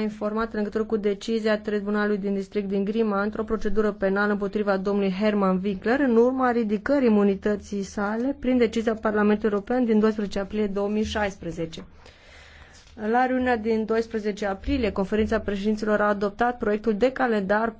informat în legătură cu decizia Tribunalului din District din Grima într-o procedură penală împotriva domnului Herman Winkler în urma ridicării imunității sale prin decizia Parlamentului European din 12 aprilie 2016. La reuniunea din 12 aprilie, conferința președinților a adoptat proiectul de calendar